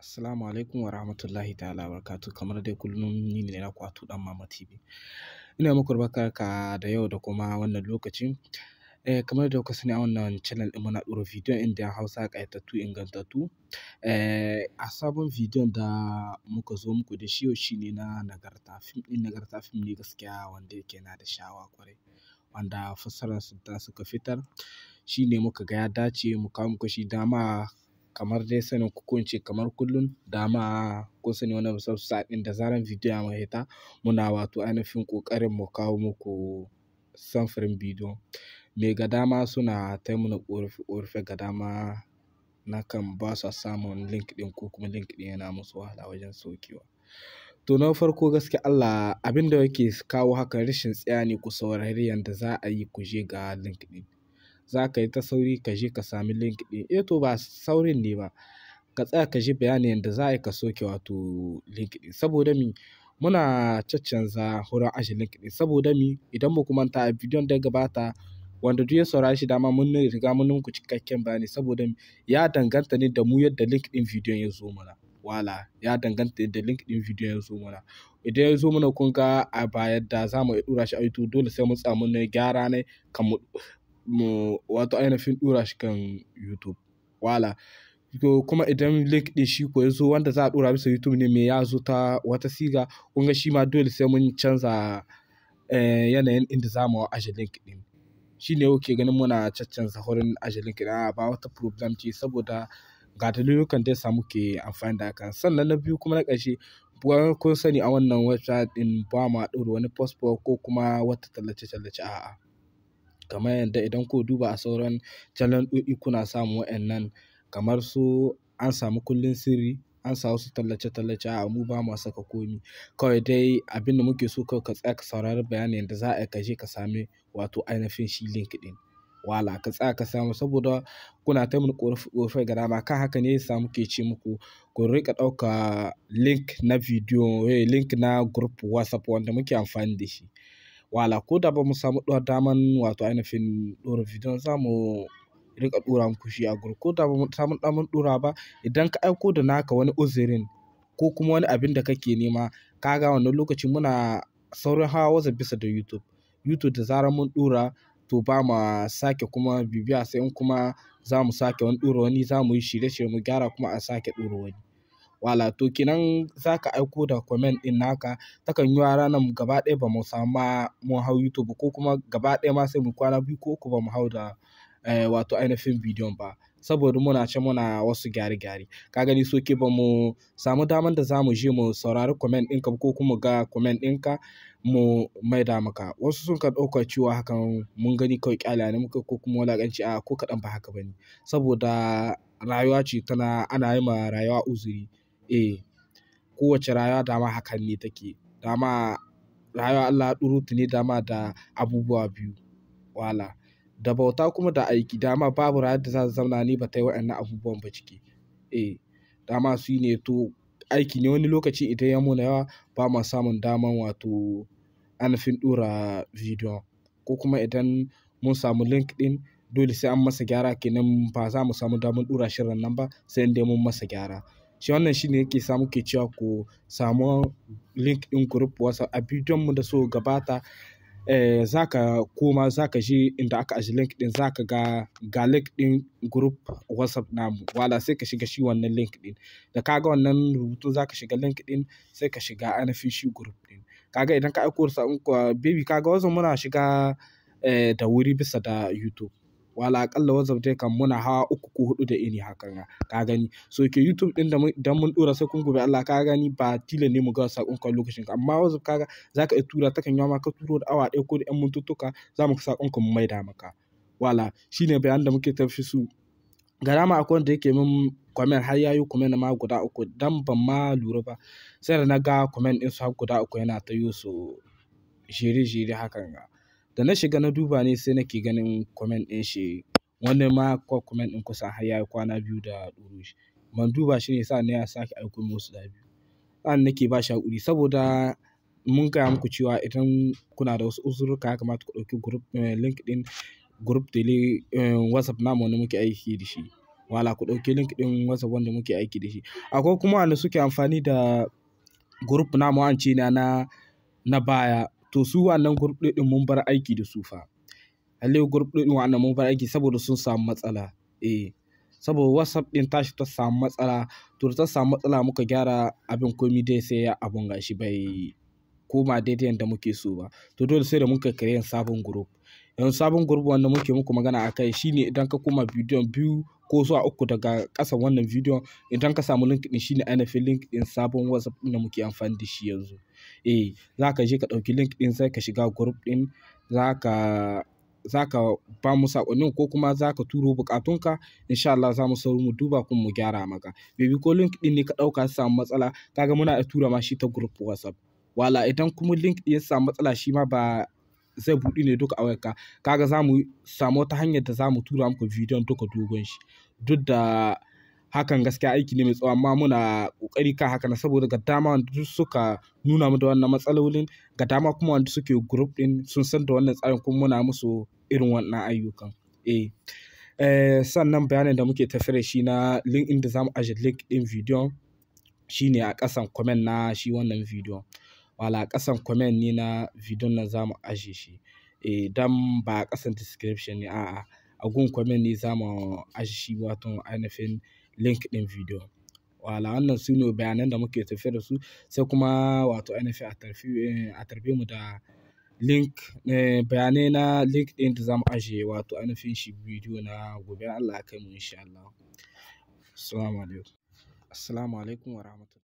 Assalamu alaikum wa rahmatullahi ta'ala wa barakatu kamar dai kullum ni ne naku Atu dan Mama TV. Ina muku barka da yau da kuma wannan lokaci. Eh, kamar da kuka sani a wannan channel din muna ɗora bidiyon inda Hausa kayatattu ingantattu. Eh, a sabon bidiyon da muka zo muku da shi yau shine na nagarta film din nagarta film ne gaskiya wanda yake na da shawa kwarai wanda fassarar su da suka fitar shine muka ga ya dace mu kawo muku shi dama kamar dai sanin ku kamar kullum dama kun sani wannan subscribe ɗin da zaran bidiyo ya mahita muna wato ainihin ƙoƙarin mu kawo muku samfurin bidiyo Mai ga dama suna ta muna ƙorafi ƙorafi ga dama na kan ba su samun link ɗin ko kuma link ɗin yana musu wahala wajen saukewa to na farko gaske Allah abin abinda yake kawo haka rashin tsaya ne ku saurari yanda za a yi ku je ga link ɗin za ka yi ta sauri ka je ka sami link ɗin e to ba saurin ne ba ka tsaya ka ji bayanin yadda za a yi ka soke wato link ɗin saboda mi muna caccanza wurin ajiye link ɗin saboda mi idan mu kuma ta a bidiyon da gabata wanda duk ya saurari shi dama mun riga mun muku cikakken bayani saboda ya danganta ne da mu yadda link ɗin bidiyon ya zo mana wala ya danganta da link ɗin video ya zo mana idan ya zo mana kun ga a ba yadda za mu iya shi a youtube dole sai mun samu na gyara ne kan mu mu wato ainihin dura shi kan YouTube. Wala. kuma idan link ɗin shi ko yazo wanda za a dora bisa YouTube ne me ya zo ta wata siga kun ga shi ma dole sai mun canza eh, yanayin inda za mu aje link ɗin. Shi ne kuke ganin muna caccanza wurin aje link ɗin ba wata problem ce saboda ga dalilukan da samu ke amfani da hakan. Sannan na biyu kuma na ƙarshe kun sani a wannan website ɗin ba ma ɗora wani post ko kuma wata tallace-tallace a'a. kamar yadda idan ku duba a sauran channel kuna samu wa'annan kamar su an samu kullum sirri an sa wasu tallace-tallace a mu ba mu saka komi kawai dai abin da muke so kawai ka tsaya ka saurari bayanin yadda za a kaje ka sami wato ainihin shi link din wala ka tsaya ka samu saboda kuna ta mun ƙorafi ga dama kan haka ne yasa muke ce muku ku rika ɗauka link na video eh, link na group whatsapp wanda muke amfani da shi Wala ko da ba mu samu daman wato ainihin ɗora bidiyon za mu rika ɗora muku shi a gurin ko da ba mu samu daman ɗora ba idan ka aiko da naka wani uzirin ko kuma wani abin da kake nema kaga wannan lokacin muna saurin hawa wasa bisa da YouTube YouTube da zarar mun ɗora to ba ma sake kuma bibiya sai in kuma za mu sake wani ɗora wani za mu yi shirye-shirye mu gyara kuma a sake ɗora wani wala to kenan za ka aiko da comment ɗin naka takan yi wa ranar gaba ɗaya ba mu samu mu hau YouTube ko kuma gaba ɗaya ma sai mu kwana biyu ko ku mu hau da eh, wato ainihin bidiyon ba saboda muna ce muna wasu gyare-gyare ka gani so ke ba mu samu daman da za mu je mu saurari comment ɗinka ko kuma ga comment ɗinka mu mai da maka wasu sun ka ɗauka cewa hakan mun gani kawai kyala ne muka ko kuma wani a ko kaɗan ba haka ba ne saboda rayuwa ce tana ana yi ma rayuwa uzuri Eh, kowace rayuwa dama hakan ne take. Dama rayuwa Allah duru ne dama da abubuwa biyu. Wala. Da bauta kuma da aiki. Dama babu rayuwa da za ta zauna ne ba ta yi waɗannan abubuwan ba ciki. Eh, dama su ne to aiki ne wani lokaci idan ya muna yawa ba ma samun daman wato anafin dura video ko kuma idan mun samu link ɗin dole sai an masa gyara kenan ba za mu samu damar ɗura shirin nan ba sai dai mun masa gyara. shi wannan shine yake samu ke cewa ku samu link ɗin group whatsapp a bidiyon mu da so gabata eh, za ka koma za ka shi inda aka aji link ɗin za ka ga link ɗin group whatsapp namu wala sai ka shiga shi wannan link ɗin da ka wannan rubutu za ka shiga link ɗin sai ka shiga ainihin shi group ɗin kaga idan ka aiko baby kaga wasu muna shiga eh, da wuri bisa da youtube wala akalla WhatsApp dai kan muna hawa uku ko hudu da ini hakan ka gani so ke YouTube din da mun dora sai kun gobe Allah ka gani ba tila ne mu ga sakon ka lokacin ka amma ka kaga zaka iya tura ta kan yawa ka turo da awa ɗaya ko da yan mututtuka za mu sakon ka mu maida maka wala shine bayan da muke tafi su garama akwai wanda yake min comment har yayi comment ma guda uku dan ban ma lura ba sai da na ga comment din su har guda uku yana ta yi su shiri-shiri hakan ga da na shiga na duba ne sai nake ganin comment ɗin shi wani ma comment ɗin kusan har yayi kwana biyu da ɗoro shi ban duba shi ne sa'an ya sake aiko min wasu da biyu sa'an nake ba shi haƙuri saboda mun gaya muku cewa idan kuna da wasu uzurruka ya kamata ku ɗauki group eh, LinkedIn group tele eh, WhatsApp namu wanda muke aiki da shi wala ku ɗauki link ɗin WhatsApp wanda muke aiki da shi akwai kuma wanda suke amfani da group namu an ce na na baya to su wannan group ɗin mun bar aiki da su fa lalle group ɗin wannan mun bar aiki saboda sun samu matsala eh saboda whatsapp ɗin tashi ta samu matsala to ta samu matsala muka gyara abin komi dai sai ya abun gashi bai koma daidai yadda muke so ba to dole sai da muka kare sabon group yanzu sabon group wanda muke muku magana a kai shine idan ka koma bidiyon biyu ko zuwa uku daga ƙasa wannan bidiyon idan ka samu link din shine ainihin link din sabon whatsapp da muke amfani da shi yanzu eh za ka je ka ɗauki link din sai ka shiga group din za ka za ka ba mu saƙonin ko kuma za ka turo ka insha Allah za mu sauri mu duba kuma mu gyara maka bebi ko link din ne ka ɗauka ya samu matsala kaga muna da tura ma shi ta group whatsapp wala idan kuma link din ya samu matsala shi ma ba zai buɗi ne duka a wayarka kaga za mu samu wata hanyar da za mu tura muku bidiyon duka dogon shi duk da hakan gaskiya aiki ne mai tsawo amma muna kokari kan haka na saboda ga dama wanda suka nuna mu da wannan matsalolin ga dama kuma wanda suke group din sun san da wannan tsarin kuma muna musu irin wannan ayyukan eh, eh sannan bayanin da muke tafiyar shi na link da za mu aje link din bidiyon shine a kasan comment na shi wannan bidiyon wala a ƙasan comment ne na video na za mu ajiye shi eh dan ba a ƙasan description ne a'a a gun comment ne za mu ajiye shi wato ainihin link ɗin video wala wannan su ne bayanan da muke tafiya da su sai kuma wato ainihin eh, a tarbe mu da link eh, bayanai na link ɗin da za mu ajiye wato ainihin shi video na gobe Allah kai mu insha Allah assalamu alaikum assalamu alaikum wa rahmatullahi